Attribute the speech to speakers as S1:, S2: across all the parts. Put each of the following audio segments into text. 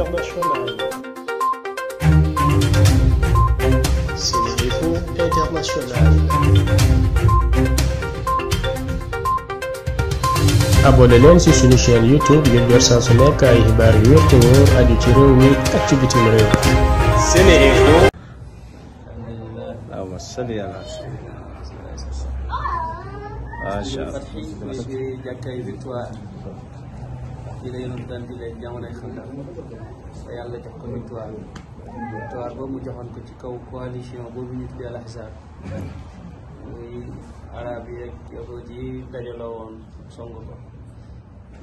S1: internationale. Sénérinfo International. abonné leen ci suñu chaîne YouTube ngir jot saa su nekk ay xibaar yu wér te wóor aju ci réew mi ak ci bitim réew.
S2: Sénérinfo. macha allah. ci la yonent daan jullee jamonoy xandar te yàlla jox ko victoire victoire boobu mu joxoon ko ci kaw coalition boobu ñu tuddee al-Ahzab muy arab yi ak yahuud yi dajaloo woon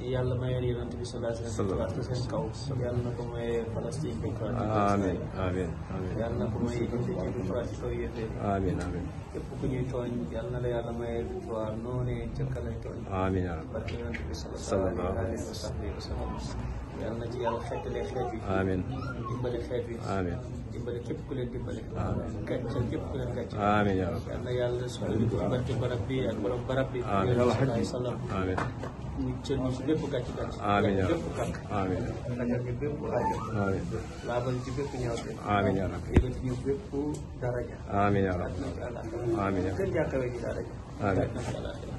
S2: yàlla mayeen yonent bi sallallahu alayhi wa sallam seen kaw yàlla na ko mayee Palestine bi amiin amiin amiin yàlla na ko mayee jullit bi victoire ci kaw yéefee amiin amiin képp ku ñuy tooñ yàlla na la yàlla mayee victoire noonee ca ka lay tooñ amiin barke yonent bi sallallahu alayhi wa sallam yàlla na ci yàlla xeetalee xeet yi amiin dimbale xeet yi amiin dimbale képp ku leen dimbale amiin gàccal képp ku leen gàccal amiin yàlla na yàlla sukkandiku ci barke barab bi ak borom barab bi sallallahu alayhi wa sallam amiin ñu cër ñu si yaa bépp kàkk. yaa rabbi yëgal yaa rabbi amiin yaa rabbi amiin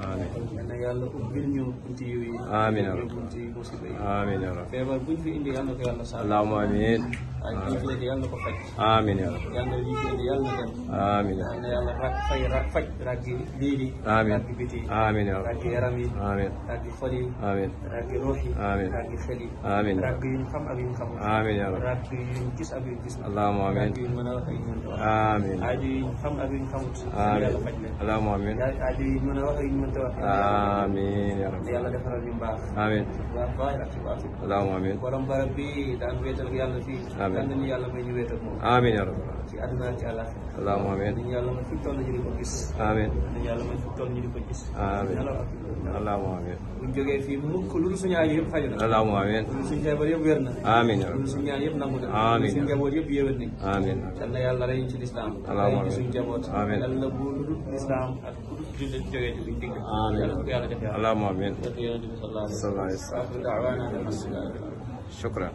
S2: amiin yal na yàlla ubbil ñu bunti yiw yi amiin ñu bunti musiba yi amiin yàlla feebar bu ñu fi indi yal na ko yàlla saal allahumma amiin ay jëflete yal na ko faj amiin yàlla yal na lii fi indi yal na dem amiin yàlla yal na yàlla rag fay rag faj raggi lii li amiin raggi biti amiin yàlla raggi yaram yi amiin raggi xol yi amiin raggi ruux yi amiin raggi xel yi amiin raggi yu ñu xam ak yu ñu xamul amiin yàlla raggi yu ñu gis ak yu ñu gis allahumma amiin raggi yu ñu mën a wax ak yu ñu mën a wax amiin aaju yu ñu xam ak yu ñu xamul amiin yàlla faj leen allahumma amiin aajo yi mën a wax yi mën ta wax amiin yaa rabbi yàlla defaral ñu baax amiin baax baax ak ci baax allahumma amiin borom barab bi daan wéetal yàlla fii amiin yàlla may ñu wéetal moom amiin yaa rabbi ci àdduna ak ci àllaaxira allahumma amiin dañu yàlla may fi toll ñu di ko gis amiin dañu yàlla may fi toll ñu di ko gis amiin allahumma amiin buñ jógee fii mukk lu suñu aay yëpp faju na allahumma amiin lu suñu feebar yëpp wér na amiin lu suñu ñaan yëpp nangu na amiin suñu njaboot yëpp yéwén nañ amiin yal na yàlla rey ci lislaam rey ci suñu njaboot amiin yal na bu lu lislaam ak ku dul jullit jógee ci buñ digg yàlla ko yàlla def allahumma amiin yonent bi sallallahu alayhi wa sallam da'waana shukran